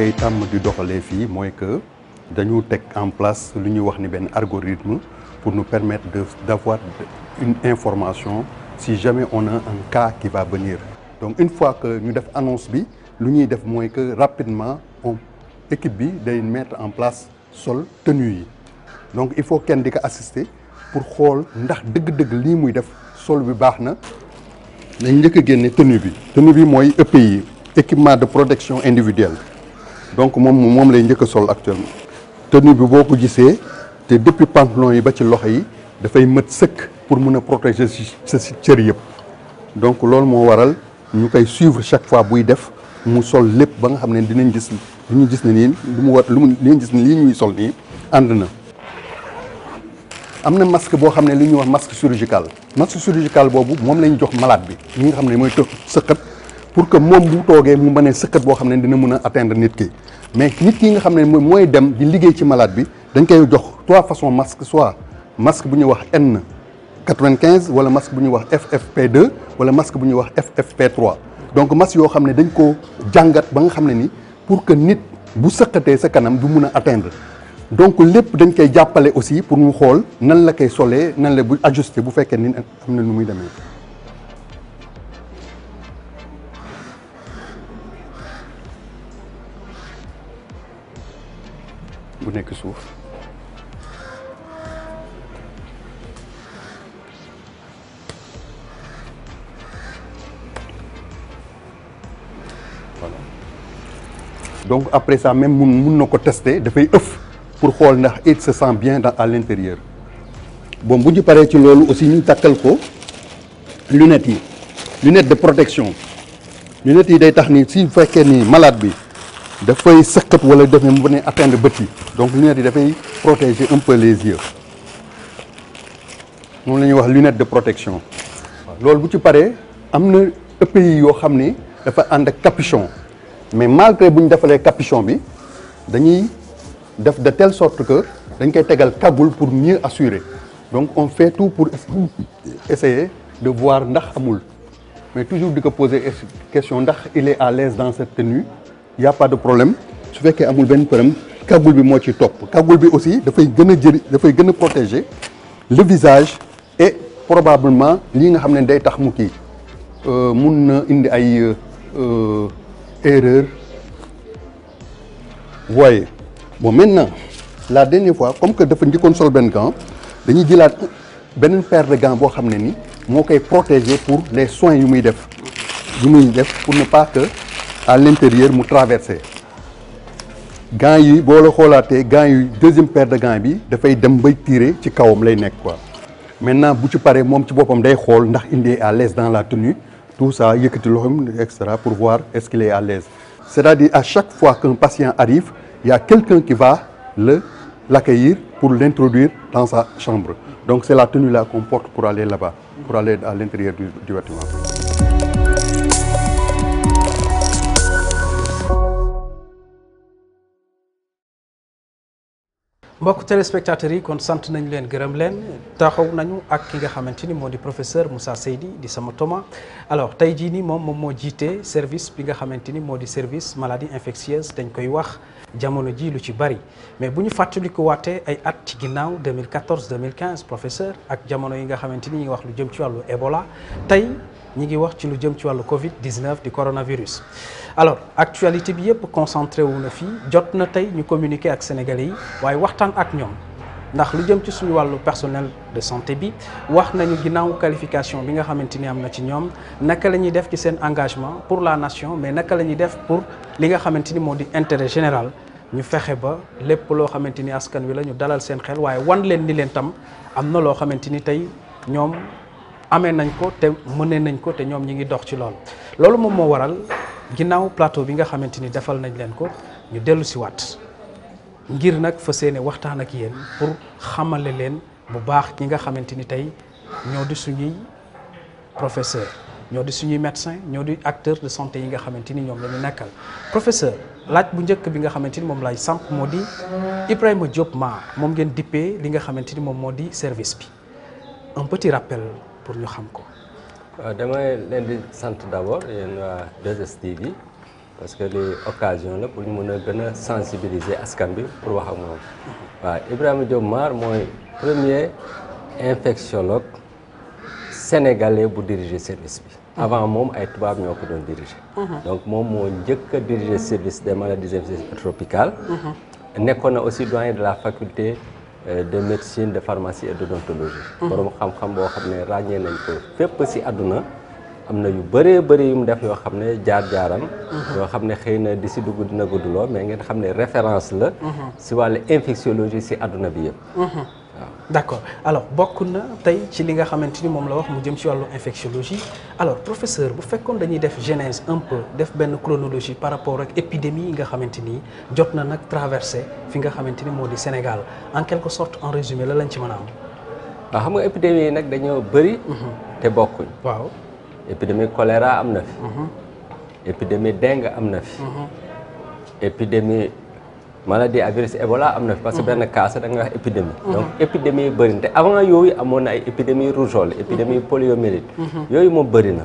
koy tàmm di doxalee fii mooy que dañu teg en place lu ñuy wax ni benn algorithme pour nu permettre de d'avoir une information si jamais on a un cas qui va venir donc une fois que ñu def annonce bi lu ñuy def mooy que rapidement on équipe bi day mettre en place sol tenue yi donc il faut kenn di ko assister pour xool ndax dëgg-dëgg lii muy def sol bi baax na nañ njëkk a génne tenue bi tenue bi mooy EPI équipement de protection individuelle donc moom moom lay njëkk a sol actuellement tenue bi boo ko gisee te depuis pantalon yi ba ci loxo yi dafay mat sëkk pour mun a protéger sa si cër yëpp donc loolu moo waral ñu koy suivre chaque fois buy def mu sol lépp ba nga xam ne dinañ gis lu ñu gis ne nii lu mu war lu mu dinañ gis nii ñuy sol nii ànd na am na masque boo xam ne li ñuy wax masque chirurgical masque chirurgical boobu moom lañ jox malaat bi ñi nga xam ne mooy të sëqat pour que moom bu toogee mu mën a boo xam ne dina mën a atteindre nit ki mais nit ki nga xam ne mooy dem di liggéey ci malaat bi dañ koy jox trois façons masque soit masque bu ñuy wax N 95 wala masque bu ñuy wax FFP2 wala masque bu ñuy wax FFP3 donc masque yoo xam ne dañ ko jàngat ba nga xam ne ni pour que nit bu sëqatee sa kanam du mun a atteindre donc lépp dañ koy jàppale aussi pour mu xool nan la koy solee nan la bu ajusté bu fekkee ni am na nu muy demee bu nekk suuf voilà donc après ça même mun mun na ko tester dafay ëff pour xool ndax it se sent bien dans à l'intérieur bon bu ñu paree ci loolu aussi ñu takkal ko lunettes yi lunettes de protection lunettes yi day tax ni si fekkee ni malaat bi dafay sëqat wala def ne mu ne atteindre bët yi donc lunette yi dafay protéger un peu les yeux moom la ñuy wax lunette de protection loolu bu ci paree am na pays yoo xam ni dafa ànd ak capuchon mais malgré bu ñu defalee capuchon bi dañuy def de telle sorte que dañ koy tegal cagoule pour mieux assurer donc on fait tout pour essayer de voir ndax amul mais toujours di ko poser question ndax il est à l'aise dans cette tenue il y pas de problème su fekkee amul benn problème cagoule bi moo ci topp cagoule bi aussi dafay gën a jëri dafay gën a protéger le visage et probablement lii nga xam ne day tax mu kii euh, mun na indi ay euh, erreur voyez bon maintenant la dernière fois comme que dafa njëkkoon sol benn gant dañuy jëlaat beneen paire de boo xam ne ni moo koy protéger pour les soins yu muy def yu muy def pour ne pas que à l'intérieur mu traverser gants yi boo la xoolaatee gants yi deuxième paire de gants bi dafay dem ba tirer ci kawam lay nekk quoi maintenant bu ci paree moom ci boppam day xool ndax indi est à l'aise dans la tenue tout ça yëkkati loxoom et cetera pour voir est-ce qu'il est à l'aise c'est-à-dire à chaque fois qu'un patient arrive il y a quelqu'un qui va le l'accueillir pour l'introduire dans sa chambre donc c'est la tenue là qu'on porte pour aller là-bas pour aller à l'intérieur du, du mbokk téléspectateurs yi kon sant nañ leen gërëm leen taxaw nañu ak ki nga xamante ni moo di professeur Moussa Seydi di sama toma alors tey jii nii moom moom moo jiite service bi nga xamante ni moo di service maladie infectieuse dañ koy wax jamono ji lu ci bari mais bu ñu fàttalikuwaatee ay at ci ginnaaw 2014 2015 professeur ak jamono yi nga xamante ni ñu wax lu jëm ci wàllu Ebola tey ñi ngi wax ci lu jëm ci wàllu Covid 19 di coronavirus. alors actualité bi yëpp concentré wu na fii jot na tey ñu communiqué ak sénégalais yi waaye waxtaan ak ñoom. ndax lu jëm ci suñu wàllu personnel de santé bi wax nañu ginnaaw qualification bi nga xamante ni am na ci ñoom naka la ñuy def ci seen engagement pour la nation mais naka lañuy def pour li nga xamante ni moo di intérêt général ñu fexe ba lépp loo xamante ni askan wi la ñu dalal seen xel waaye wan leen ni leen tam am na loo xamante ni tey ñoom amee nañ ko te mënee nañ ko te ñoom ñi ngi dox ci lool loolu moom moo waral ginnaaw plateau bi nga xamante ni defal nañ leen ko ñu dellu si ngir nag fas yéene waxtaan ak yéen pour xamale leen bu baax ki nga xamante ni tey ñoo di suñuy professeur ñoo di suñuy médecin ñoo di acteur de santé yi nga xamante ni ñoom lañu ñu nekkal professeur laaj bu njëkk bi nga xamante ni moom lay samp moo di Ibrahima Diop ma moom ngeen dippee li nga xamante ni moom moo di service bi un petit rappel pour ñu xam ko. waaw euh, dama leen di sant d'abord yéen waa 2STV parce que li occasion la pour ñu mën a gën a sensibiliser askan bi pour wax ak moom waaw Ibrahima Diop Mar mooy premier infectiologue sénégalais bu diriger service bi avant moom ay tubaab ñoo ko doon diriger uh-huh. donc moom moo njëkk a diriger service des maladies infectieuses tropicales uh-huh. nekkoon na aussi doyen de la faculté euh, de médecine de pharmacie et d'odontologie uh-huh. borom xam-xam boo xam ne ràññee nañu ko fépp si àdduna am na yu bëree bëri yu mu def yoo xam ne jaar-jaaram. yoo xam ne xëy na di si dugg dina gudd loo mais ngeen xam ne référence la. Mhm. si wàllu infectiologie si àdduna bi yëpp. Mhm. d' accord alors bokk na tey ci li nga xamante ni moom la wax mu jëm ci wàllu infectiologie alors professeur bu fekkoon dañuy def genèse un peu def benn chronologie par rapport ak épidémie yi nga xamante ni jot na nag traversé fi nga xamante ni moo di Sénégal en quelque sorte en résumé la lañ ci mën a am. waaw xam nga épidémie choléra am na fi. Mhm. épidémie dengue am na fi. Mhm. épidémie maladie à virus Ebola am na fi. parce que mhm. benn cas da nga wax épidémie. donc épidémie yu bëri te avant yooyu amoon na ay épidémie rougeole épidémie poliomyélite. yooyu moom bëri na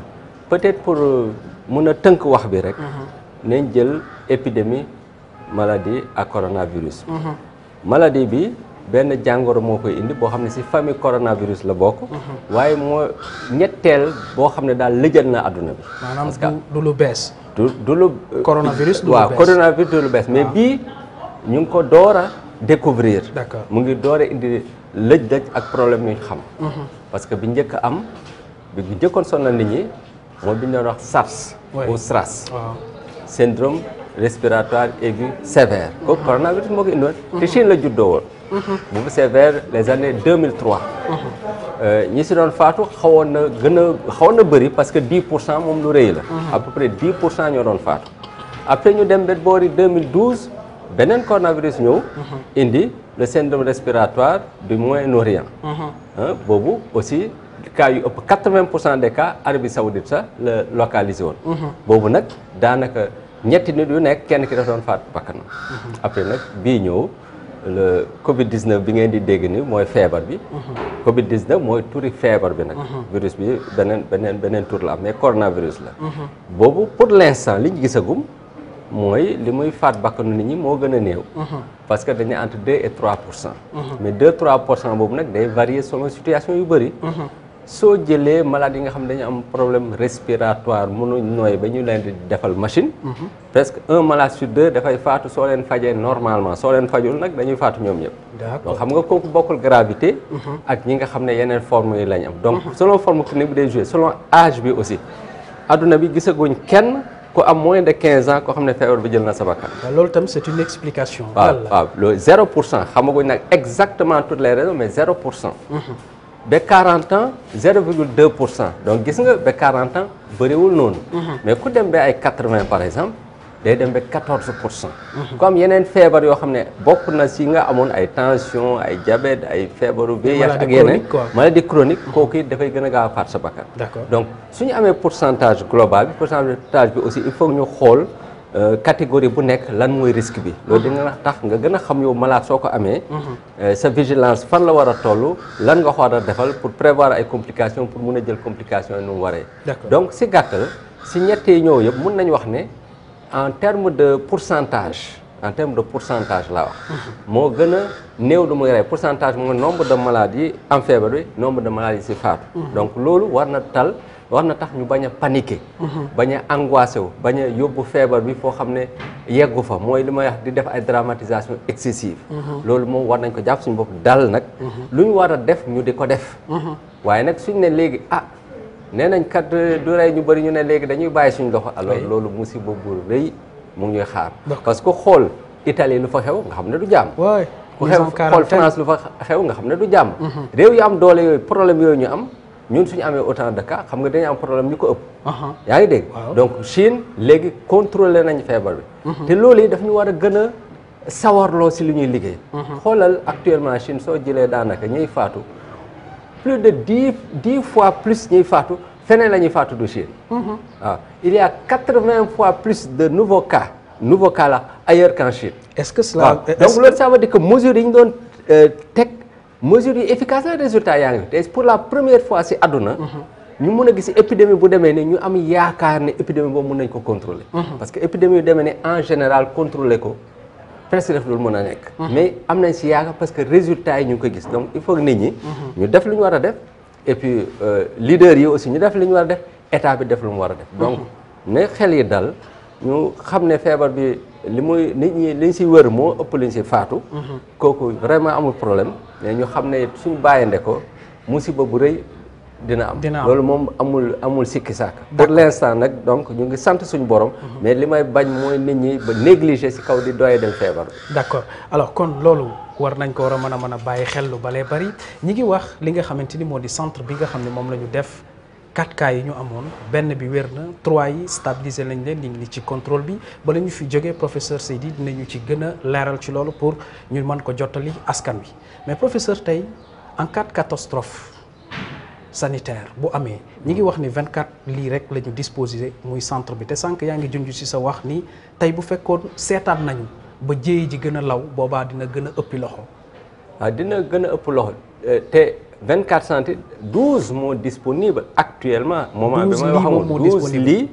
peut-être pour euh, mun a tënk wax bi rek. nañ jël épidémie maladie à coronavirus. maladie bi. benn jàngoro moo koy indi boo xam ne si famille coronavirus la bokk. waaye moo ñetteel boo xam ne daal lëjal na àdduna bi. parce que maanaam du lu bees. du lu. bees mais ah. bii ñu ngi ko door a découvrir. d'accord mu ngi door a indi lëj-lëj ak problème yu ñu xam. Mhm. parce que bi njëkk am bi njëkkoon sonal nit ñi mooy bi ñu doon wax SARS. ou SRAS. syndrome respiratoire aigu sévère. kooku coronavirus moo ko indiwoon. te mhm. Chine la juddoo woon. boobu c'est vers les années mhm. euh, ñi si doon faatu xawoon na gën a xawoon na bëri parce que 10 pour cent moom lu rëy la. Mhm. à peu ñoo doon faatu. après ñu dem ba boori 2012 beneen coronavirus ñëw. indi le syndrome respiratoire du Moyen-Orient. boobu aussi cas yu ëpp 80 pour cent des cas Arabie Saoudite sax la localisé woon. boobu nag daanaka. ñetti nit yu nekk kenn ki daf doon faat bakkan après nag bii ñëw le Covid 19 bi ngeen di dégg ni mooy feebar bi. Covid 19 mooy turi feebar bi nag. virus bi beneen beneen beneen tur la am mais coronavirus la. boobu pour l' instant liñ gisagum mooy li muy faat bakkanu nit ñi moo gën a néew. parce que dañuy entre 2 et 3 pour cent. Mhm. mais 2 3 pour cent boobu nag day varier selon situation yu bëri. soo jëlee malade yi nga xam ne dañu am problème respiratoire mënuñ nooy ba ñu leen di defal machine. Mhm. presque un malade sur deux dafay faatu soo leen fajee normalement soo leen fajul nag dañuy faatu ñoom ñëpp. d'accord donc xam nga kooku bokkul gravité. Mhm. ak ñi nga xam ne yeneen forme lañ am. donc mhm. selon forme clinique bi day joué selon âge bi aussi adduna bi gisaguñ kenn. ku am moins de quinze ans koo xam ne feebar bi jël na sa loolu tam c'est une explication. waaw waaw loolu 0 pour cent xamaguñ nag exactement tout les raisons mais 0 pour cent. ba 40 ans 0,2 pour cent donc gis nga ba 40 ans bëriwul noonu. Mhm. mais ku dem ba ay 80 par exemple day dem ba 14 pour cent. Mhm. comme yeneen feebar yoo xam ne bokk na si nga amoon ay tension ay diabète ay feebaru VIH ak yeneen maladie chronique mhm. kooku it dafay gën a gaaw a faat sa donc su ñu amee centage global bi pourcentage bi aussi il faut ñu xool. Euh, catégorie bu nekk lan mooy risque bi. loolu dina tax nga gën a xam yow malade soo ko amee. Mhm. Euh, sa vigilance fan la war a toll lan nga ko war a defal pour prévoir ay complications pour mun a jël complications yi nu mu waree. donc si gàttal si ñett yi ñëw yëpp mun nañu wax ne en terme de pourcentage. en terme de pourcentage laa wax. Mhm. moo gën a néew lu muy rey pourcentage mooy nombre de malades yi am feebar bi nombre de malades yi si faatu. Mhm. donc loolu war na tal. war na tax ñu bañ a paniquer. Mhm. bañ a a yóbbu feebar bi foo xam ne yeggu fa mooy li may wax di def ay dramatisation excessive. Mhm. loolu moom war nañ ko jàpp suñu bopp dal nag. Mhm. lu ñu war a def ñu di ko def. waaye nag suñ ne léegi ah nee nañ kat euh, du rey ñu bëri ñu ne léegi dañuy bàyyi suñu loxo. alors loolu musiba bu rëy mu ngi ñuy xaar. parce que xool Italie lu fa xew nga xam ne du jàmm. ku xew xool France lu fa xew nga xam ne du jàmm. réew yu am doole yooyu ñun suñu amee autant de cas xam nga dañu am problème ñu ko ëpp. yaa ngi dégg. donc Chine léegi contrôlé nañ feebar bi. Mhm. te loolu yi ñu war a gën a sawarloo si lu ñuy liggéey. Mhm. xoolal actuellement Chine soo jëlee daanaka ñuy faatu plus de di dix fois plus ñuy faatu feneen la ñuy faatu du Chine. waaw mhm. ah, il y quatre-vingts fois plus de nouveaux cas nouveaux cas la a qu'en Chine. est-ce que cela donc loolu ça veut dire que ñu doon euh, teg. mesures yi efficace na résultat yaa ngi te pour la première fois si àdduna ñu mën a gis épidémie bu demee ne ñu am yaakaar ne épidémie boobu mën nañ ko contrôler parce que épidémie yu demee ne en général contrôler ko presque def loolu mën a nekk mais am nañ si yaakaar parce que résultat yi ñu ngi ko gis donc il faut nit ñi ñu def lu ñu war a def et euh, a def état bi def lu mu war a def donc ne xel yi dal ñu xam ne feebar bi li muy nit ñi liñ si wër moo ëpp liñ si faatu kooku vraiment mais ñu xam ne suñ bàyyande ko musiba bu rëy dina am loolu moom amul amul sikki sàkk pour l'instant nag donc ñu ngi sant suñu borom mhm. mais li may bañ mooy nit ñi ba négliger si kaw di doye del feebar d'accord alors kon loolu war nañ ko war a mën a mën a bàyyi xel lu balee bari ñi ngi wax li nga xamante ni moo di centre bi nga xam ne moom la ñu def 4 cas yi ñu amoon benn bi wér na 3 yi stabilisé nañ leen ñu ngi ci controle bi bala ñu fi jógee professeur Seydi dinañu ci gën a leeral ci loolu pour ñu man ko jottali askan wi mais professeur tey en cas de catastrophe sanitaire bu amee ñi ngi wax ni 24 lii rek la ñu disposé muy centre bi te sànq yaa ngi junj ci sa wax ni tey bu fekkoon seetaan nañu ba jéey ji gën a law boobaa dina gën a ëppi loxo. ah dina gën a ëpp loxo euh, 24 centimes 12 moo disponible actuellement. moment bi may wax amul lii lits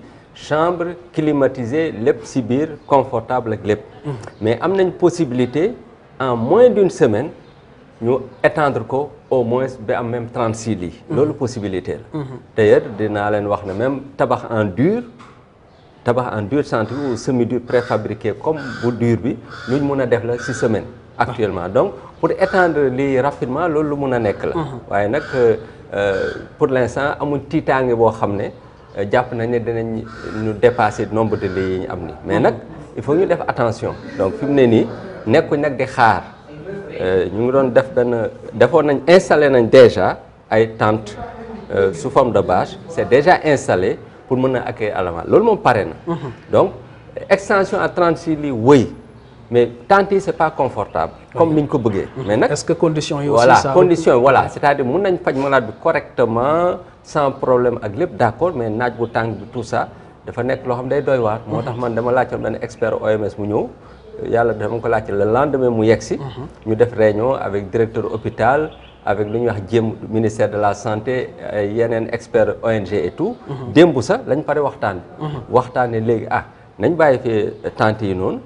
chambre climatisée lépp si biir confortable ak lépp. Mm. mais am nañ possibilité en moins d' une semaine ñu étendre ko au moins ba am même 36 lits. Mm. loolu possibilité la. Mm-hmm. d' ailleurs dinaa leen wax ne même tabax en dur. tabax en dur centre ou semi dur préfabriqué comme bu dur bi ñu mun a def la si semaine. actuellement donc pour étendre lii rapidement loolu lu mun a nekk la. Uh-huh. waaye nag euh, euh, pour l'instant amul tiitaange boo xam ne euh, jàpp nañ ne dinañ ñu dépassé nombre de lits yi ñu am ni mais uh-huh. nag il faut ñu def attention donc fi mu ne nii nekkuñ nag di xaar ñu ngi doon def benn defoon nañ installé nañ déjà ay tentes sous forme de bâche c'est déjà installé pour mën a accueillir à loolu moom pare na. Uh-huh. donc extension à 36 lits wëy. mais tenter c'est pas confortable comme ni ñu ko bëggee. Mhm. mais nag est-ce que conditions yi aussi voilà conditions yi voilà cest a dire mun nañ faj malade bi correctement sans problème ak lépp d'accord mais naaj bu tàng bi tout ça dafa nekk loo xam day doy waar. moo tax man dama laajte benn expert OMS mu ñëw yàlla dama ko laajte le lendemain mu yegsi. Mhm. ñu def réunion avec directeur hôpital. avec lu ñuy wax jéem ministère de la santé yeneen experts ONG et tout. Mhm. démb sax lañ pare waxtaan. waxtaan waxtaanee léegi ah nañ bàyyi fi tante yi noonu.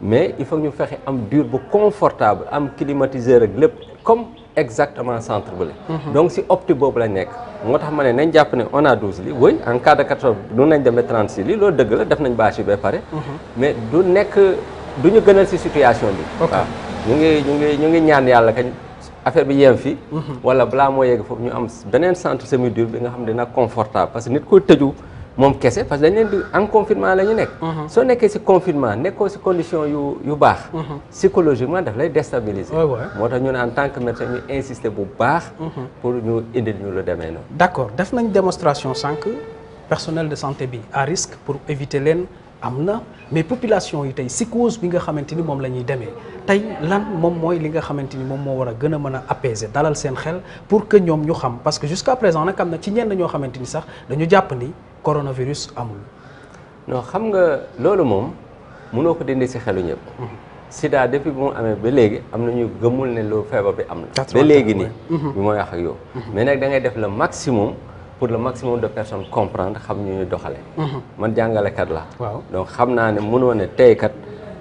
mais il faut ñu fexe am dur bu confortable am climatiseur ak lépp comme exactement centre bële mhm. donc si opti boobu la nekk moo tax ma ne nañ jàpp ne on a 12 lits en cas de 14 du nañ demee 36 lits loolu dëgg la def nañ bâche yi ba pare mhm. mais du nekk du ñu gënal si situation bi waaw ñu ngi ñu ngi ñaan yàlla kañ affaire bi yem fi mhm. wala balaa moo yegg foofu ñu am beneen centre semi dur bi nga xam ne dina confortable parce que nit ko tëju moom kese parce que dañ leen en confinement lañu nekk. Mhm. soo nekkee si confinement nekkoo si condition yu baax. Mhm. psychologiquement daf lay déstabiliser. moo tax ñu ne en tant que médecin ñu insister bu baax. Mhm. pour ñu indil ñu lu demee noonu. d' accord def nañ démonstration sànq personnel de santé bi à risque pour éviter leen am na mais population yi tey si cause nga xamante ni moom la ñuy demee tey lan moom mooy li nga xamante ni moom moo war a gën a mën a apaiser dalal seen xel pour que ñoom ñu xam parce que jusqu' à présent nag am na ci ñenn ñoo xamante ni sax dañu jàpp ni. coronavirus amul. non xam nga loolu moom mënoo ko dindi si xelu ñëpp. Mhm. Sida depuis bu mu amee ba léegi am na ñu gëmul ne loolu feebar bi am na. ba léegi nii. Mhm. bi mooy wax ak yow. Mhm. mais nag dangay def le maximum pour le maximum de personne comprendre xam ñu ñu doxale man jàngalekat la. waaw donc xam naa ne mënoo ne teykat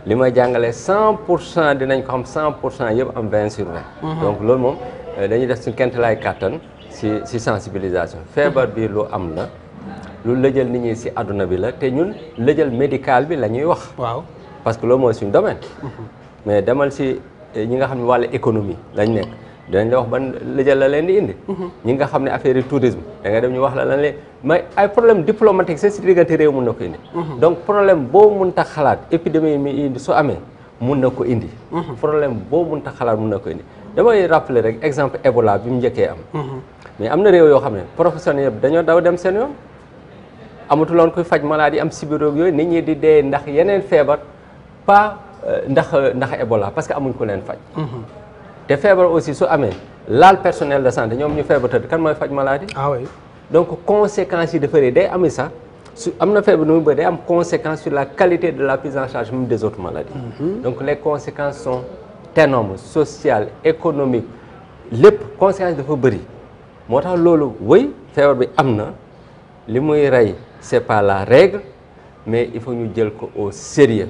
li may jàngalee cent pour cent dinañ ko xam cent pour cent yëpp am vingt sur vingt. donc loolu moom euh, dañuy def suñu kent laay kàttan si si sensibilisation. feebar bii lu am la. lu lëjal nit ñi si àdduna bi la te ñun lëjal médical bi la ñuy wax. waaw parce que loolu mooy suñu domaine. Mhm. mais demal si eh, ñi nga xam ne wàllu économie lañ nekk dinañ la wax ban lëjal la leen di indi. Mhm. ñi nga xam ne affaire yi tourisme da nga dem ñu wax la lan leen mais ay problème diplomatique sax si diggante réew mun na ko indi. Mhm. donc problème boo mun ta xalaat épidémie mi indi su amee mun na ko indi. problème boo mun ta xalaat mun na ko indi damay rappeler rek exemple amatuloon kuy faj maladie am sibiroog yooyu nit ñi di dee ndax yeneen feebar pas euh, ndax euh, ndax Ebola parce que amuñ ko leen faj. Mhm. te feebar aussi su amee laal personnel de santé ñoom ñu feebar tëdd kan mooy faj maladie. ah oui donc conséquence yi dafa rëy day ami sax su am na feebar nu ba day am conséquence sur la qualité de la prise en charge même des autres maladies. Mhm. donc les conséquences sont énormes sociales économiques lépp conséquences dafa bëri moo tax loolu wëy feebar bi am na li muy c'est pas la règle mais il faut ñu jël ko au sérieux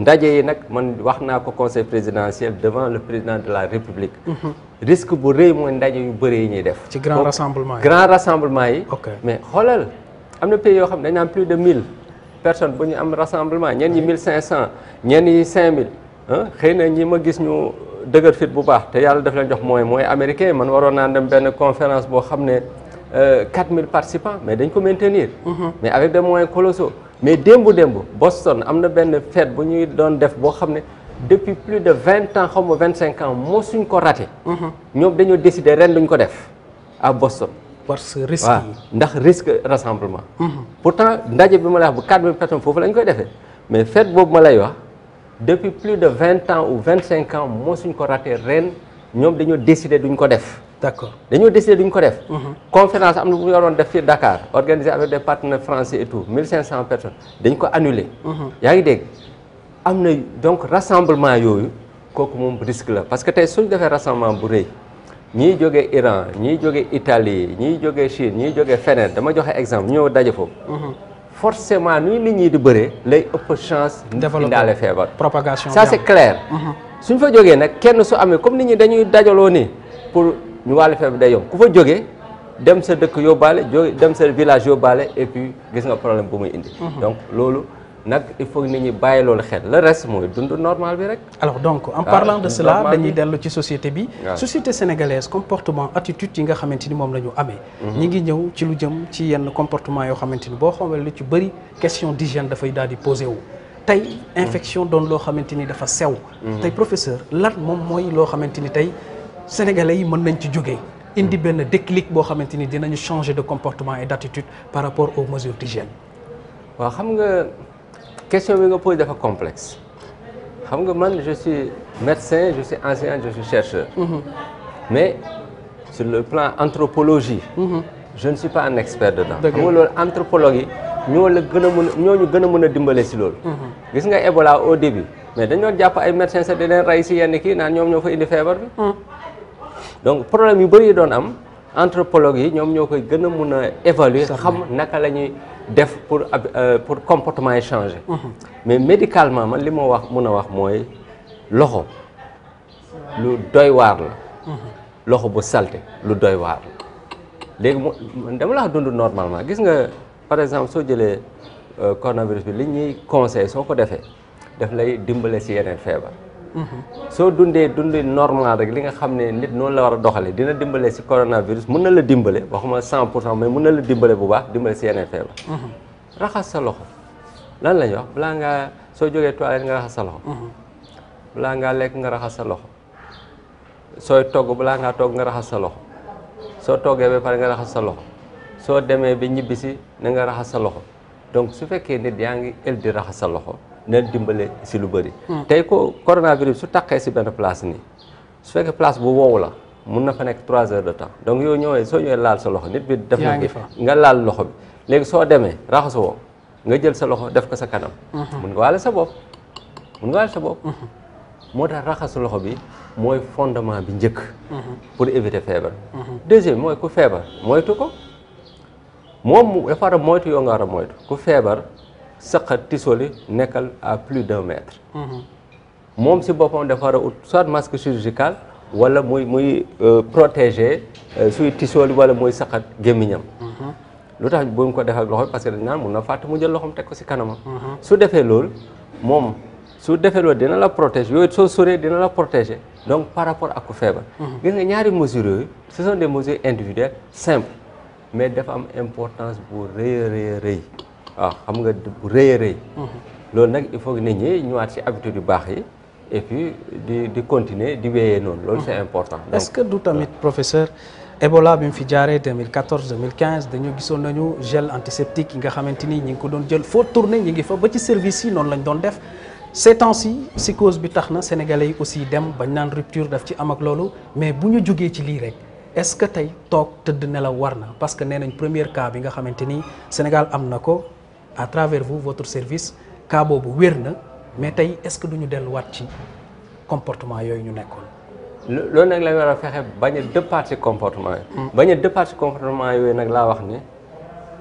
ndaje yi nag man wax naa ko conseil présidentiel devant le président de la république mhm. risque bu rëy mooy ndaje yu bëri yi ñuy def ci grand rassemblement yi grand rassemblement yi mais xoolal am na pays yoo xam ne dañ am plus de mille personnes bu ñu am rassemblement ñenn ñi mille cinq cent ñenn yi cinq mille xëy na ñi ma gis ñu dëgër fit bu baax te yàlla daf leen jox mooy mooy américain man waroon naa dem benn conférence boo xam ne 4000 euh, participants mais dañ ko maintenir. Mhm. mais avec des moyens colossaux mais démb démb Boston am na benn fête bu ñuy doon def boo xam ne depuis plus de vingt ans xaw ma vingt cinq ans moo suñ ko raté. Mhm. ñoom dañoo décider ren duñ ko def à Boston. parce que risque ndax risque rassemblement. Mhm. pourtant ndaje bi ma lay wax bu 4000 personnes foofu lañ koy defee mais fête boobu ma lay wax depuis plus de vingt ans ou vingt cinq ans suñ ko raté ren ñoom dañoo décider duñ ko def. d'accord dañoo décidé duñ ko def. Mhm. conférence am na bu ñu waroon def fii Dakar organisé avec des français et dañ ko annulé. Mhm. yaa ngi dégg am na donc rassemblement yooyu kooku moom risque la parce que tey suñu defee rassemblement bu rëy ñiy jógee Iran ñiy jógee Italie ñiy jógee Chine ñiy jógee feneen dama joxe exemple ñëw daje foofu. Mhm. forcément nuy nit ñi di bëree lay ëpp chance indaale feebar propagation ça fa jógee nag kenn su amee comme nit ñi dañuy dajaloo ni ñu wàllu feebar bi day yomb ku fa jógee dem sa dëkk yobbaale jóge dem sa village yóbbaale et puis gis nga problème bu muy indi. Mhm. donc loolu nag il faut nit ñi bàyyi loolu xel le reste mooy dund normal bi rek. alors donc en ah, parlant de cela dañuy dellu ci société bi. Ah. société sénégalaise comportement attitude yi nga xamante ni moom la amee. Mhm. ñi ngi ñëw ci lu jëm ci yenn comportement yoo xamante ni boo xoolee lu ci bëri question d'hygiène dafay daal di posé wu. tey mhm. infection doon loo xamante ni dafa sew. tey professeur lan moom mooy loo xamante ni tey. sénégalais yi mën nañ ci jógee indi benn déclic boo xamante ni dinañu changer de comportement et d'attitude par rapport xam nga question bi nga posé dafa complexe xam nga man je suis médecin je suis enseignant je suis chercheur. Mhm. mais sur le plan anthropologie. Mmh. je ne suis pas un expert dedans. dëgg xam nga loolu ñoo la gën a mën a ñoo ñu gën a mën a dimbale si loolu. Mhm. gis nga Ebola au début mais dañoo jàpp ay médecins sax di leen rey si yenn kii naan ñoom fa indi feebar bi. Mhm. donc problème yu bëri doon am anthropologue yi ñoom ñoo koy gën a mun a évaluer xam naka la ñuy def pour euh, pour comportement yi changer mhm. mais médicalement man li ma wax mun a wax mooy loxo lu doy waar la mhm. loxo bu salte lu doy waar la léegi mu dama la dund normalement gis nga par exemple soo jëlee euh, coronavirus bi li ñuy conseil soo ko defee def lay dimbale si yeneen feebar soo dundee dundi normal rek li nga xam ne nit noonu la war a doxalee dina dimbalee si coronavirus mun na la dimbale waxuma cent pour cent mais mun na la dimbale bu baax dimbale si yeneen feebar. raxas sa loxo lan la ñuy wax balaa ngaa soo jógee toilette nga raxas sa loxo. ngaa lekk nga raxas sa loxo. sooy togg balaa ngaa togg nga raxas sa loxo. soo toggee ba pare nga raxas sa loxo. soo demee ba ñibbisi na nga raxas sa loxo donc su fekkee nit yaa ngi ël di raxas sa loxo. neen dimbale si lu bëri. Hmm. tey ko coronavirus su taqee si benn place nii su fekkee place bu woowu la mun na fa nekk trois heures de temps donc yow ñëwee soo ñëwee laal sa loxo nit bi. def na nga laal loxo bi. léegi soo demee raxasu woo nga jël sa loxo def ko sa kanam. Hmm. mun nga waale sa bopp mun nga waale sa bopp. Hmm. moo tax raxasu loxo bi mooy fondement bi njëkk. pour éviter feebar. deuxième mooy ku feebar moytu ko moom dafa war a moytu yow nga war a moytu ku sëqat tisoli nekkal à plus d'un mètre mhm. moom si boppam dafa war a ut soit masque chirurgical wala muy muy euh, protéger euh, suy tisoli wala muy sëqat gémmiñam mhm. lu tax bu ñu ko defee ak loxo parce que dañ naan mun na fàtte mu jël loxoom teg ko si kanamam mhm. su defee loolu moom su defee loolu dina la protéger yooyu soo soree dina la protéger donc par rapport ak ku feebar gis nga ñaari mesures yooyu ce sont des mesures individuelles simples mais dafa am importance bu rëy a rëy a waaw xam nga bu rëy a rëy. Mhm. loolu nag il faut que nit ñi ñëwaat ci habitude yu baax yi et puis di di di wéyee noonu. loolu c'est mhm. important. Donc, est-ce que du tamit professeur Ebola bi mu fi jaaree 2014 2015 dañu gisoon nañu gel antiseptique yi nga xamante ni ñu ngi ko doon jël foo tourné ñi ngi fa ba ci service yi noonu lañ doon def. ces temps-ci psychose bi tax na sénégalais yi aussi dem bañ naan rupture daf ci am ak loolu mais bu ñu jógee ci lii rek est-ce que tey toog tëdd nelaw war na parce que nee nañ premier cas bi nga xamante ni Sénégal am na ko. à travers vous votre service cas boobu wér na mais tey est-ce que du ñu delluwaat ci comportement yooyu ñu nekkoon. loolu nag la war a fexe bañ a dëppaat ci comportement yi. Mm. bañ a yooyu nag laa wax ni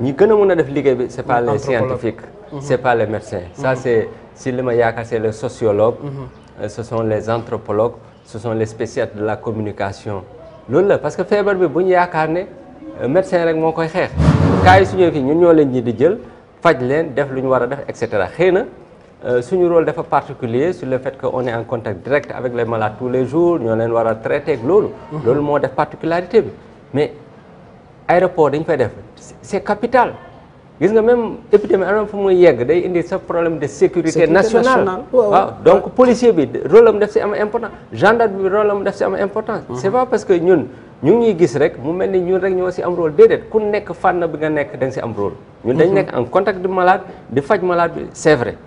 ñi gën a mën a def liggéey bi c'est pas les scientifiques. Mm-hmm. c'est pas les médecins. ça mm-hmm. c'est si li ma yaakaar c'est les sociologues. Mm-hmm. Euh, ce sont les anthropologues ce sont les spécialistes de la communication. loolu la parce que feebar bi bu ñu yaakaar ne euh, médecin rek moo koy xeex. cas yi su ñëwee di jël. faj leen def lu ñu war a def et cetera xëy na euh, suñu rôle particulier sur le fait que on est en contact direct avec les malades tous les jours ñoo leen war a traité ak loolu mmh. loolu moo def particularité bi mais aéroport dañ fay def c'est capital gis nga même épidémie am fu muy yegg day indi sa problème de sécurité nationale waaw ah, donc policier bi rôle am daf si am important gendarme bi rôle am daf si am important mmh. c'est pas parce que ñun ñu ngi ñuy gis rek mu mel ni ñun rek ñoo si am rôle déedéet ku nekk fànn bi nga nekk da si am rôle. ñun dañ mhm. nekk en contact du malade di faj malade bi c'est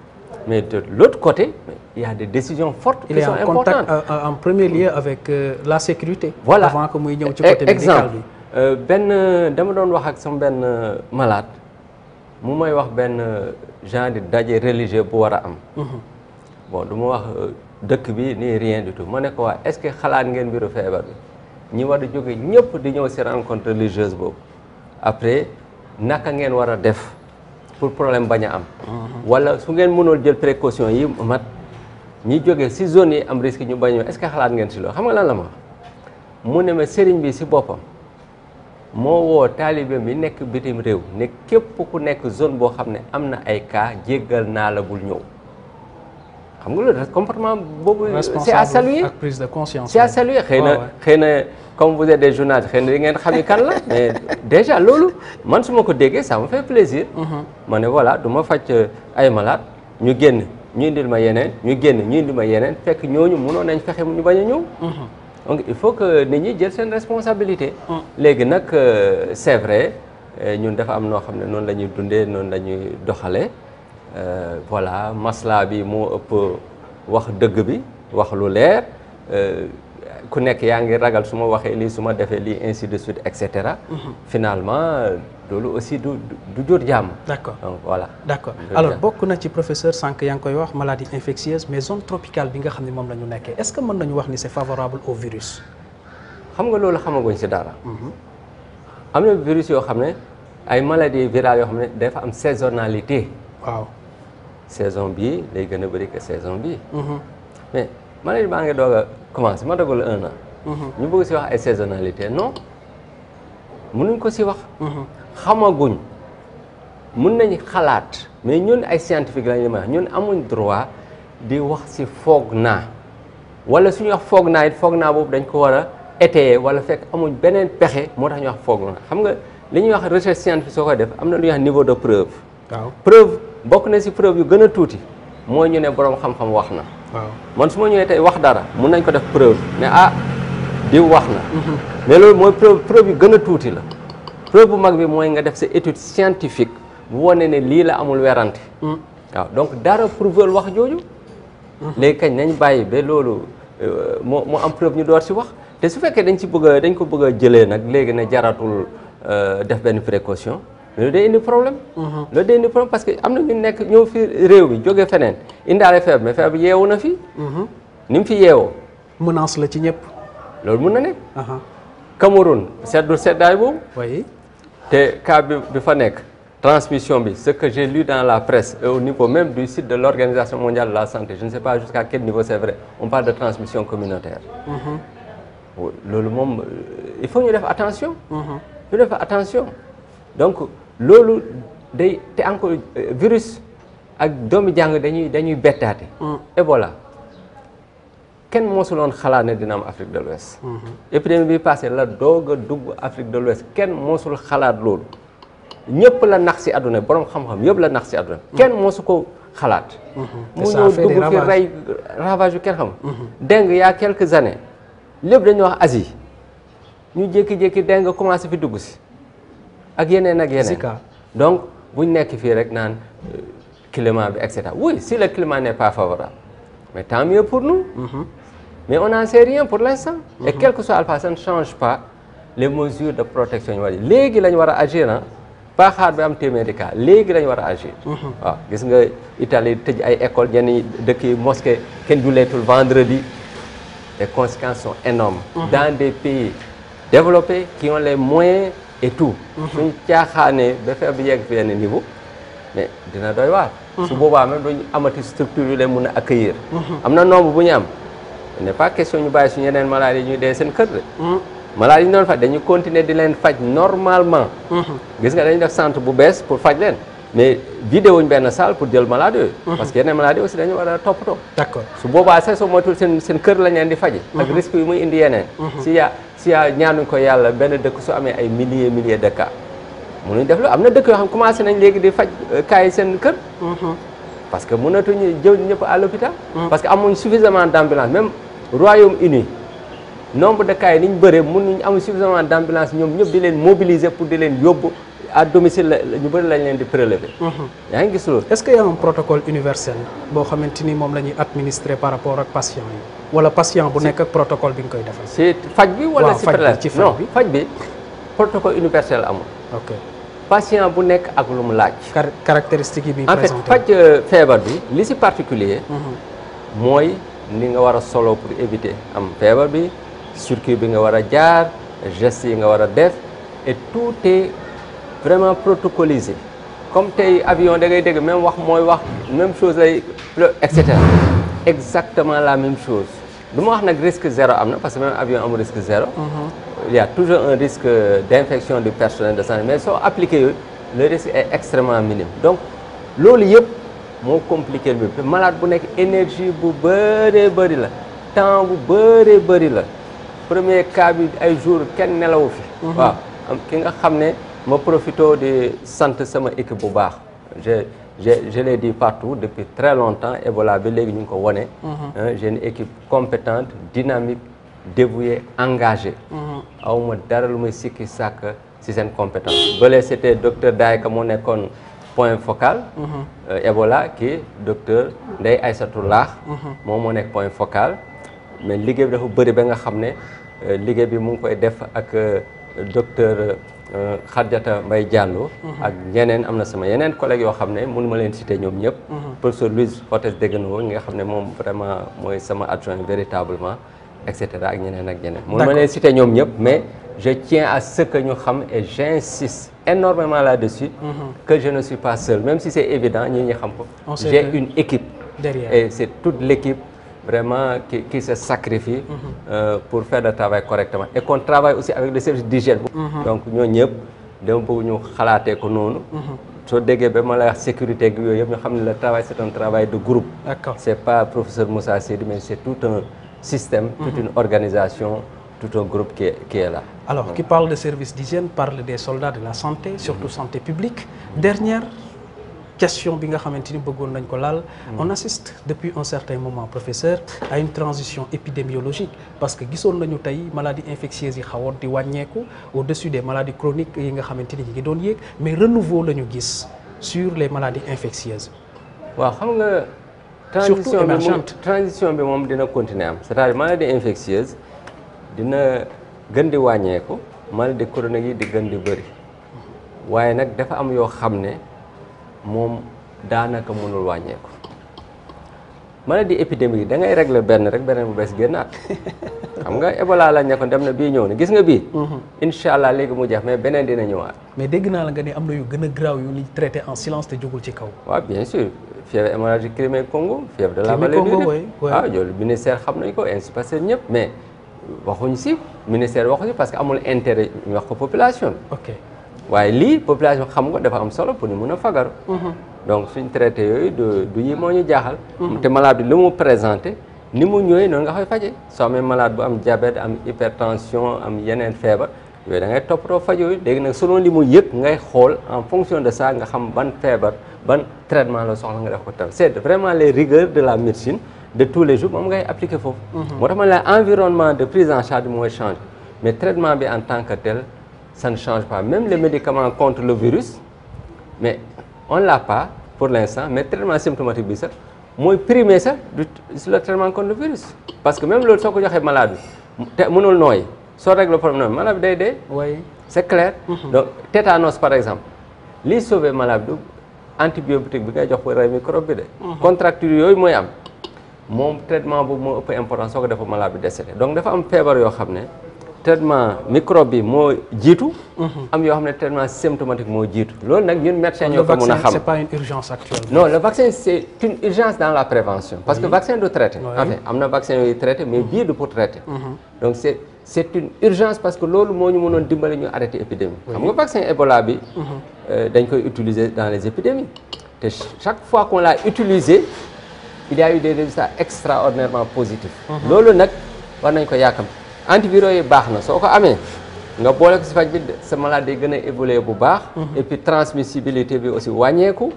mais de l'autre côté il de a des décisions fortes. qui euh, euh, en premier lieu avec euh, la sécurité. voilà avant muy ñëw ci côté e-, médical bi exemple benn dama doon wax ak sama benn malade mu may wax benn genre de daje religieux bu war a am. Mhm. bon du ma wax dëkk bi nii rien du tout ma nekk ko waa est-ce que xalaat ngeen mbiru feebar bi. ñi war a jóge ñëpp di ñëw ci rencontre religieuse boobu après naka ngeen war a def pour problème bañ a am. Mhm. wala su ngeen mënoon jël précaution yi mat ñi jóge si zone yi am risque ñu bañ est-ce que xalaat ngeen si loolu xam nga lan la ma mu ne ma sëriñ bi si boppam moo woo taalibe bi nekk bitim réew ne képp ku nekk zone boo xam ne am na ay cas jéggal naa la bul ñëw. xam nga loolu comportement boobu. c'est à saluer ak prise de conscience. c'est à saluer xëy na xëy na comme vous êtes des journalistes xëy na di ngeen xam ni kan la mais déjà loolu man su ma ko déggee ça me fait plaisir. Mhm. ma ne voilà duma faj euh, ay malaat ñu génn ñu indil ma yeneen ñu génn ñu indil ma yeneen fekk ñooñu mënoon nañ fexe ñu bañ a ñëw. Mhm. donc il faut que nit ñi jël seen responsabilité. Mhm. léegi nag euh, c'est vrai euh, ñun dafa am noo xam ne noonu la ñuy dundee noonu la ñuy doxalee. Euh, voilà maslaa bi moo ëpp wax dëgg bi wax lu leer euh, ku nekk yaa ngi ragal su ma waxee lii su ma defee lii ainsi de suite et mhm. finalement loolu aussi du du jur jàmm. d' accord donc voilà. d' accord alors bokk na ci professeur sànq yaa ngi koy wax maladie infectieuse mais zone tropicale bi nga xam ne moom lañu ñu nekkee est ce que mën nañu wax ni c' favorable au virus. xam nga loolu xamaguñ si dara. Mhm. am na virus yoo xam ne ay maladies virales yoo xam ne dafa am saisonnalité. waaw saison bii day gën a bëri que saison bi mhm. mais man maa ngi doog a commencé ma dogul un an. Mhm. ñu bëgg si wax ay saisonnalité non mënuñ ko si wax. Mhm. xamaguñ mun nañ xalaat mais ñun ay scientifique la ñuy ñun amuñ droit di wax si foog naa wala suñu wax foog naa it foog naa boobu dañ ko war a étayer wala fekk amuñ beneen pexe moo tax ñu wax foog naa xam nga li ñuy wax recherche scientifique soo koy def am na lu ñuy wax niveau de preuve. waaw bokk na si preuve yu gën a tuuti mooy ñu ne borom xam-xam wax na. man su ma ñëwee tey wax dara mun nañ ko def preuve ne ah diw wax na. Mhm. mais loolu mooy preuve preuve yu gën a tuuti la. preuve bu mag bi mooy nga def sa étude scientifique bu wane ne lii la amul werante. Mhm. waaw donc dara pour prouver wax jooju. Mhm. léegi kañ nañ bàyyi be loolu euh, moo moo am preuve ñu door si wax te su fekkee dañ si bëgg dañ ko bëgg a jëlee nag léegi ne jaratul euh, def benn précaution. loolu day indi problème. Mhm. loolu que am na ñu nekk ñëw fi réew mi jóge feneen indaale feebar mais feebar bi yeewu na fi. Mhm. ni mu fi yeewoo. menace la ci ñëpp. loolu mun na nekk. Cameroun seddul seddaay boobu. oui te cas bi bi fa nekk. transmission bi ce que j'ai lu dans la presse et au niveau même du site de l'organisation mondiale de la santé je ne sais pas jusqu'à quel niveau c'est vrai on parle de transmission communautaire. Mhm. loolu moom il faut ñu def attention. ñu def loolu day te encore euh, virus ak doomi jàng dañuy dañuy bettaate mm. Ebola kenn mosuloon xalaat ne dina am Afrique de l'Ouest mm-hmm. épidémie bi passé la doog a dugg Afrique de l'Ouest kenn mosul xalaat loolu ñëpp la nax si àdduna borom xam-xam yëpp la nax si àdduna kenn mm. mosu ko xalaat mm-hmm. mu ñëw dugg fi rey ravage yu kenn xam mm-hmm. deng yaa quelques années lépp dañuy wax asi ñu jékki-jékki deng commencé fi dugg si ak yeneen ak yeneen donc buñ nekk fii rek naan euh, climat bi et cetera si le climat n'est pas favorable mais tant mieux pour nous mm-hmm. mais on n'en sait pour l'instant et mm-hmm. quel que soit Alpha ça ne change pas les mesures de protection ñu war a léegi lañ war a agir na pas xaar bi am téeméeri cas léegi lañ war a agir mm-hmm. waaw gis nga Italie tëj ay école ñenn dëkk yi mosquée kenn juleetul vendredi les conséquences sont énormes dans des pays développés qui ont les moyens et tout. suñ caaxaanee bu feebar bi yegg benn niveau mais dina doy waar. su boobaa même duñ amati structure yu leen mun a accueillir. Mhm. am na nombre bu ñu am n'est pas question ñu bàyyi suñu yeneen maladies yi ñuy dee seen kër de. Mhm. maladies yi ñu doon faj dañu continuer di leen faj normalement. Mhm. gis nga dañu def centre bu bees pour faj leen. mais vidéo wuñ benn saal pour jël malade yooyu. parce que yeneen malade aussi dañu war a toppatoo. d'accord su boobaa sax soo moytuwul seen seen kër lañ leen di faji ak indi yeneen. sia ñaanuñ ko yàlla benn dëkk su amee ay milliers milliers de cas mënuñ def loolu am na dëkk yoo xam commencé nañ léegi di faj euh, cas yi seen kër mm-hmm. parce que mun mënatuñu jëw ñëpp à l'hôpital mm-hmm. parce que amuñ suffisamment d'ambulance même Royaume-Uni nombre de cas yi ni ñu bëree mënuñ amuñ suffisamment d'ambulance ñoom ñëpp di leen mobiliser pour di leen yóbbu a domicile la ñu bëri lañ leen di prélever. Mhm. yaa ngi gis loolu. est-ce que y a un universel boo xamante ni moom la ñuy administrer par rapport ak patient yi wala patient bu nekk ak protocole bi nga koy defal. si faj bi wala si prélevé ci faj bi faj bi protocole universel amul. ok bu nekk ak lu mu laaj. caractéristique yi bi présenté en fait faj euh, feebar bi li si particulier mhm. mooy ni nga war a solo pour éviter am feebar bi circuit bi nga war a jaar gestes yi nga war a def et tout est. vraiment protocolisé comme tey avion da ngay dégg même wax mooy wax même chose lay et cetera exactement la même chose du ma wax nag risque zéro am na parce que même avion amul risque zéro mm-hmm. il toujours un risque d'infection de personnel de santé mais soo appliqué yooyu le risque est extrêmement minime donc loolu yëpp moo compliqué bi malade bu nekk énergie bu bëree bëri la temps bu bëree bari la premier cas bi ay jours kenn nelawu fi mm-hmm. waaw ki nga xam ne ma profito di sant sama équipe bu baax je je je l'ai dit partout depuis très longtemps Ebola bi léegi ñu ngi ko wone mhm. euh, j'ai une équipe compétente dynamique dévouée engagée mhm. aw ma dara lu may sikki sàkk ci seen compétence bële c'était docteur Daayka moo nekkoon point focal mhm. euh, Ebola kii docteur Ndeye Aïssatou Laax moom moo nekk point focal mais liggéey bi dafa bëri ba nga xam ne euh, liggéey bi mu ngi koy def ak docteur Euh, Khadjata Mbaye Diallo. Mhm. ak ñeneen am na sama yeneen collègue yoo xam ne ma leen citer ñoom ñëpp. Mhm. professeur Louise Hotès Degano nga xam ne moom vraiment mooy sama adjoint véritablement et cetera ak ñeneen ak ñeneen. mënuma leen citer ñoom ñëpp mais je tiens à ce que ñu xam et j'insiste énormément là-dessus. Mhm. que je ne suis pas seul même si c'est évident ñi ñi xam ko. j'ai une équipe. derrière et c'est toute l'équipe vraiment sa qui se sacrifient mm -hmm. euh, pour faire le travail correctement et qu'on travaille aussi avec le service d'hygiène mhm. donc ñoo ñëpp dama bëgg ñu xalaatee ko noonu mhm. soo déggee ba ma la wax sécurité ak yooyu yëpp xam ne la travail c'est un travail de groupe c'est pas professeur Moussa Seydi mais c'est tout un système mm une organisation tout un groupe ki est, qui est là alors qui parle de service d'hygiène parle des soldats de la santé surtout mhm. santé publique dernière question bi nga xamante ni bëggoon nañ ko laal. Hmm. on assiste depuis un certain moment professeur à une transition épidémiologique parce que gisoon nañu tey maladies infectieuses yi xawoon di wàññeeku au-dessus des maladies chroniques yi nga xamante ni ñu ngi doon yéeg mais renouveau la ñu gis sur les maladies infectieuses. waaw xam nga. transition bi moom transition bi moom dina continuer am c'est-à-dire maladie infectieuse dina gën di wàññeeku maladie chronique yi di gën di bëri waaye nag dafa am yoo xam ne. moom daanaka mënul wàññeeku maladie épidémique da ngay régler benn rek beneen bu bees génnaat xam nga Ebola la nekkoon dem na bii ñëw na gis nga bii. Mhm. incha allah léegi mu jeex mais beneen dina ñëwaat. mais dégg naa la nga ne am na yu gën a graaw yu ñu traité en silence te jógul ci kaw. waaw bien sûr fièvre hémorragique Crimée Congo. fièvre de la vallée du Rift ah loolu ministère xam nañ ko ainsi parce que ñëpp mais waxuñ si ministère waxuñ si parce que amul intérêt ñu wax ko population ok waaye lii population xam nga dafa am solo pour ñu mun a fagaru. Mhm. donc suñ traité yooyu du du moo ñu jaaxal. Mhm. te malade bi mu présenté ni mu ñëwee noonu nga koy faje soo amee malade bu am diabète am hypertension am yeneen feebar yooyu da ngay toppatoo faj yooyu léegi nag selon li mu yëg ngay xool en fonction de ça nga xam ban feebar ban traitement la soxla nga def ko tam c'est vraiment les rigueurs de la médecine de tous les jours moom ngay appliqué foofu. Mhm. moo en charge mooy changé mais traitement tant que tel. ça ne change pas. Même les médicaments contre le virus, mais on ne l'a pas pour l'instant, mais traitement symptomatique, c'est primer ça sur le traitement contre le virus. Parce que loolu soo ko joxee on malade, on noyer. soo règle le problème malade bi day dee. oui c'est clair. Mm-hmm. donc tétanos par exemple li sauver malade bi antibiotique bi ngay jox pour rey microbe bi de. Mm-hmm. contracture yooyu mooy am moom traitement boobu moo ëpp importance soo ko defee malade bi xam ne. traitement microbe bi moo jiitu. am yoo xam ne traitement symptomatique moo jiitu. loolu nag ñun médecins ñoo ko mun a xam c'est le vaccin c'est une urgence dans la prévention. parce que vaccin du traité. am na vaccin yuy traité mais mhm. bii du pour traité. Mhm. donc c'est une urgence parce que loolu moo ñu mënoon dimbali ñu arrêter épidémie. xam nga vaccin Ebola bi. Mhm. Euh, dañ koy utiliser dans les épidémies. te chaque fois qu'on l'a utilisé il y a eu des résultats extraordinairement positifs. loolu nag war nañ ko yàkkamti. antiviraux yi baax na soo ko amee nga boole ko si faj bi sa malade day gën a évoluer bu baax. Mhm. et puis transmissibilité bi aussi wàññeeku.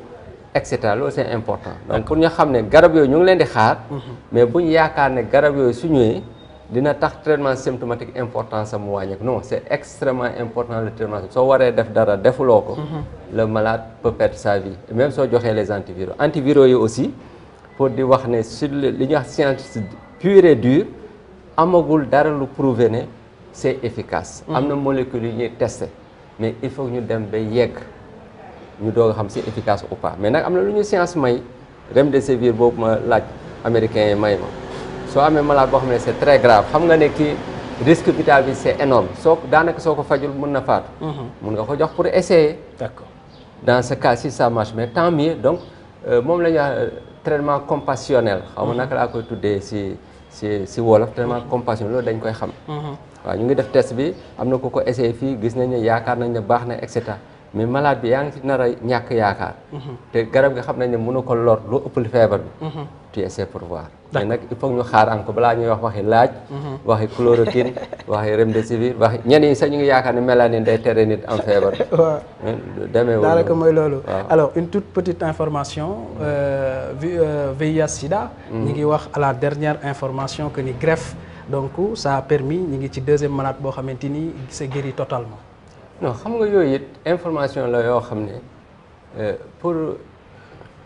et cetera loolu c'est important donc pour ñu xam ne garab yooyu ñu ngi leen di xaar. Mhm. mais bu ñu yaakaar ne garab yooyu su ñëwee dina tax traitement symptomatique important sa mu wàññeeku non c'est extrêmement important le traitement soo waree def dara defuloo ko. Mhm. la malade peut perdre sa vie soo joxee les antiviraux antiviraux yi aussi pour di wax ne sur li ñuy wax science pure amagul dara lu prouvé ne c'est efficace. Mm-hmm. am na molécule yu ñuy testé mais il faut ñu dem ba yegg ñu doog a xam si efficace ou pas mais nag am na lu ñu science may de remdesivir boobu ma laaj américain yi may ma soo amee malade boo xam ne c'est très grave xam nga ne kii risque vital bi c'est énorme soo daanaka soo ko fajul mën na faatu. Mm-hmm. mun nga ko jox pour essayer. d'accord dans ce cas si ça marche mais tant mieux donc euh, moom la euh, traitement compassionnel. xaw ma mm-hmm. naka laa koy si si wolof tellement mhm. compassion loolu dañ koy xam. Mhm. waaw ñu ngi def test bi am na ku ko essayé fii gis nañ ne yaakaar nañ ne baax na et mais malaat bi yaa ngi ci nar a ñàkk yaakaar. Mhm. te garab gi xam nañ ne mënu ko lor lu ëpp feebar bi. Mhm. tu sais pourvoir. mais nag il faut ñu xaar encore balaa ñuy wax waxi laaj. Mhm. waxi chloroquine waxi remdesivir waxi ñenn yi sax ñu ngi yaakaar ne mélanine day tere nit am feebar. waaw demee wu daanaka mooy loolu. alors une toute petite information euh, VIH euh, Sida. ñu ngi wax à la dernière information que ni greffe donc ça a permis ñu ngi ci deuxième malade boo xamante ni c'est guéri totalement. non xam nga yooyu it information la yoo xam ne euh, pour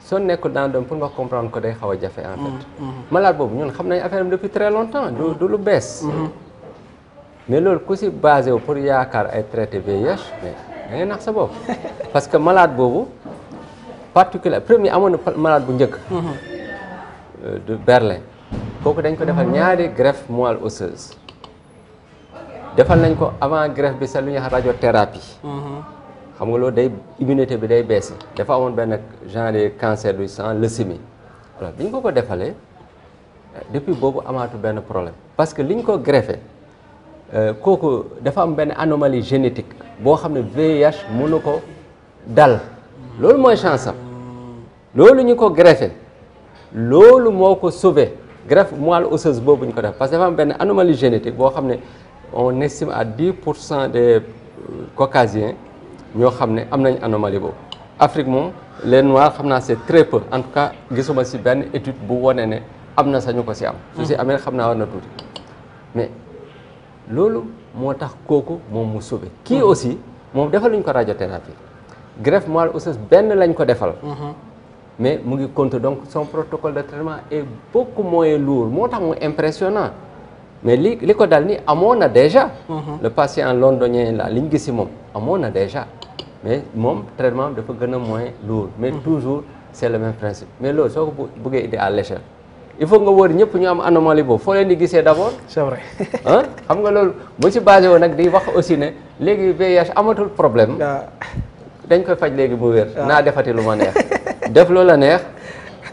soo nekkul dans doom pour nga comprendre ko day xaw a jafe en fait mm-hmm. Mm-hmm. boobu ñun xam nañ affaire am depuis très longtemps du lu bees mm-hmm. mais loolu ku si basé wu pour yaakaar ay traité VIH mais da ngay nax sa bopp parce que malaad boobu particulier premier amoon na malade bu njëkk euh, de Berlin kooku dañ ko defal ñaari greffe moelle osseuse defal nañ ko avant greffe bi sax lu ñuy wax radiothérapie mm-hmm. xam nga loolu day immunité bi day baissé dafa amoon benn genre cancer du sang leucémie alors bi ñu ko ko defalee depuis boobu amaatu benn problème parce que li ñu ko greffé euh, kooku dafa am benn anomalie génétique boo xam ne VIH mënu ko dal loolu mooy chance am loolu ñu ko greffé loolu moo ko sauvé greffe moelle osseuse boobu ñu ko def parce que dafa am benn anomalie génétique boo xam ne on estime à 10 pour cent des euh, caucasiens ñoo xam ne am nañ anomalie boobu Afrique moom les noirs xam naa c'est très peu en tout cas gisuma si benn étude bu wane ne am na sañu ko si am su si hmm. amee xam naa war na tuuti mais loolu moo tax kooku moom mu sauvé kii hmm. aussi moom defal defaluñ ko radiothérapie greffe moelle osseuse benn lañ ko defal hmm. mais mu ngi compte donc son protocole de traitement est beaucoup moins lourd moo tax mu impressionnant mais li li ko dal ni amoon na déjà mhm. le patient londonien la li ñu gis moom amoon na déjà mais moom traitement dafa gën a moins lourd mais mhm. toujours c'est le même principe mais loolu soo ko bëggee indi à l'échelle il faut nga wër ñëpp ñu am anomalie boobu foo leen di gisee d'abord c'est vrai ah xam nga loolu bu ci basé woon nag di wax aussi ne léegi VIH amatul problème ah. dañ koy faj léegi mu wér ah. naa defati lu ma neex def loola neex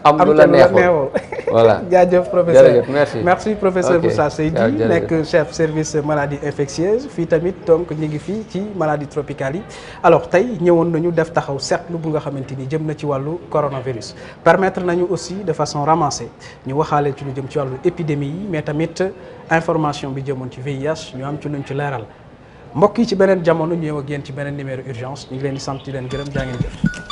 am lu la neexul voilà jaajëf professeur jërëjëf merci merci professeur Moussa Seydi nekk chef service maladie infectieuse fii tamit donc ñu ngi fii ci maladie tropicale yi alors tey ñëwoon nañu def taxaw seetlu bu nga xamante ni jëm na ci wàllu coronavirus permettre nañu aussi de façon ramassée ñu waxaale ci lu jëm ci wàllu épidémie yi mais tamit information bi jëmoon ci VIH ñu am ci luñ ci leeral mbokk yi ci beneen jamono ñëw ak yéen ci beneen numéro urgence ñu ngi leen sant di leen gërëm jaa ngeen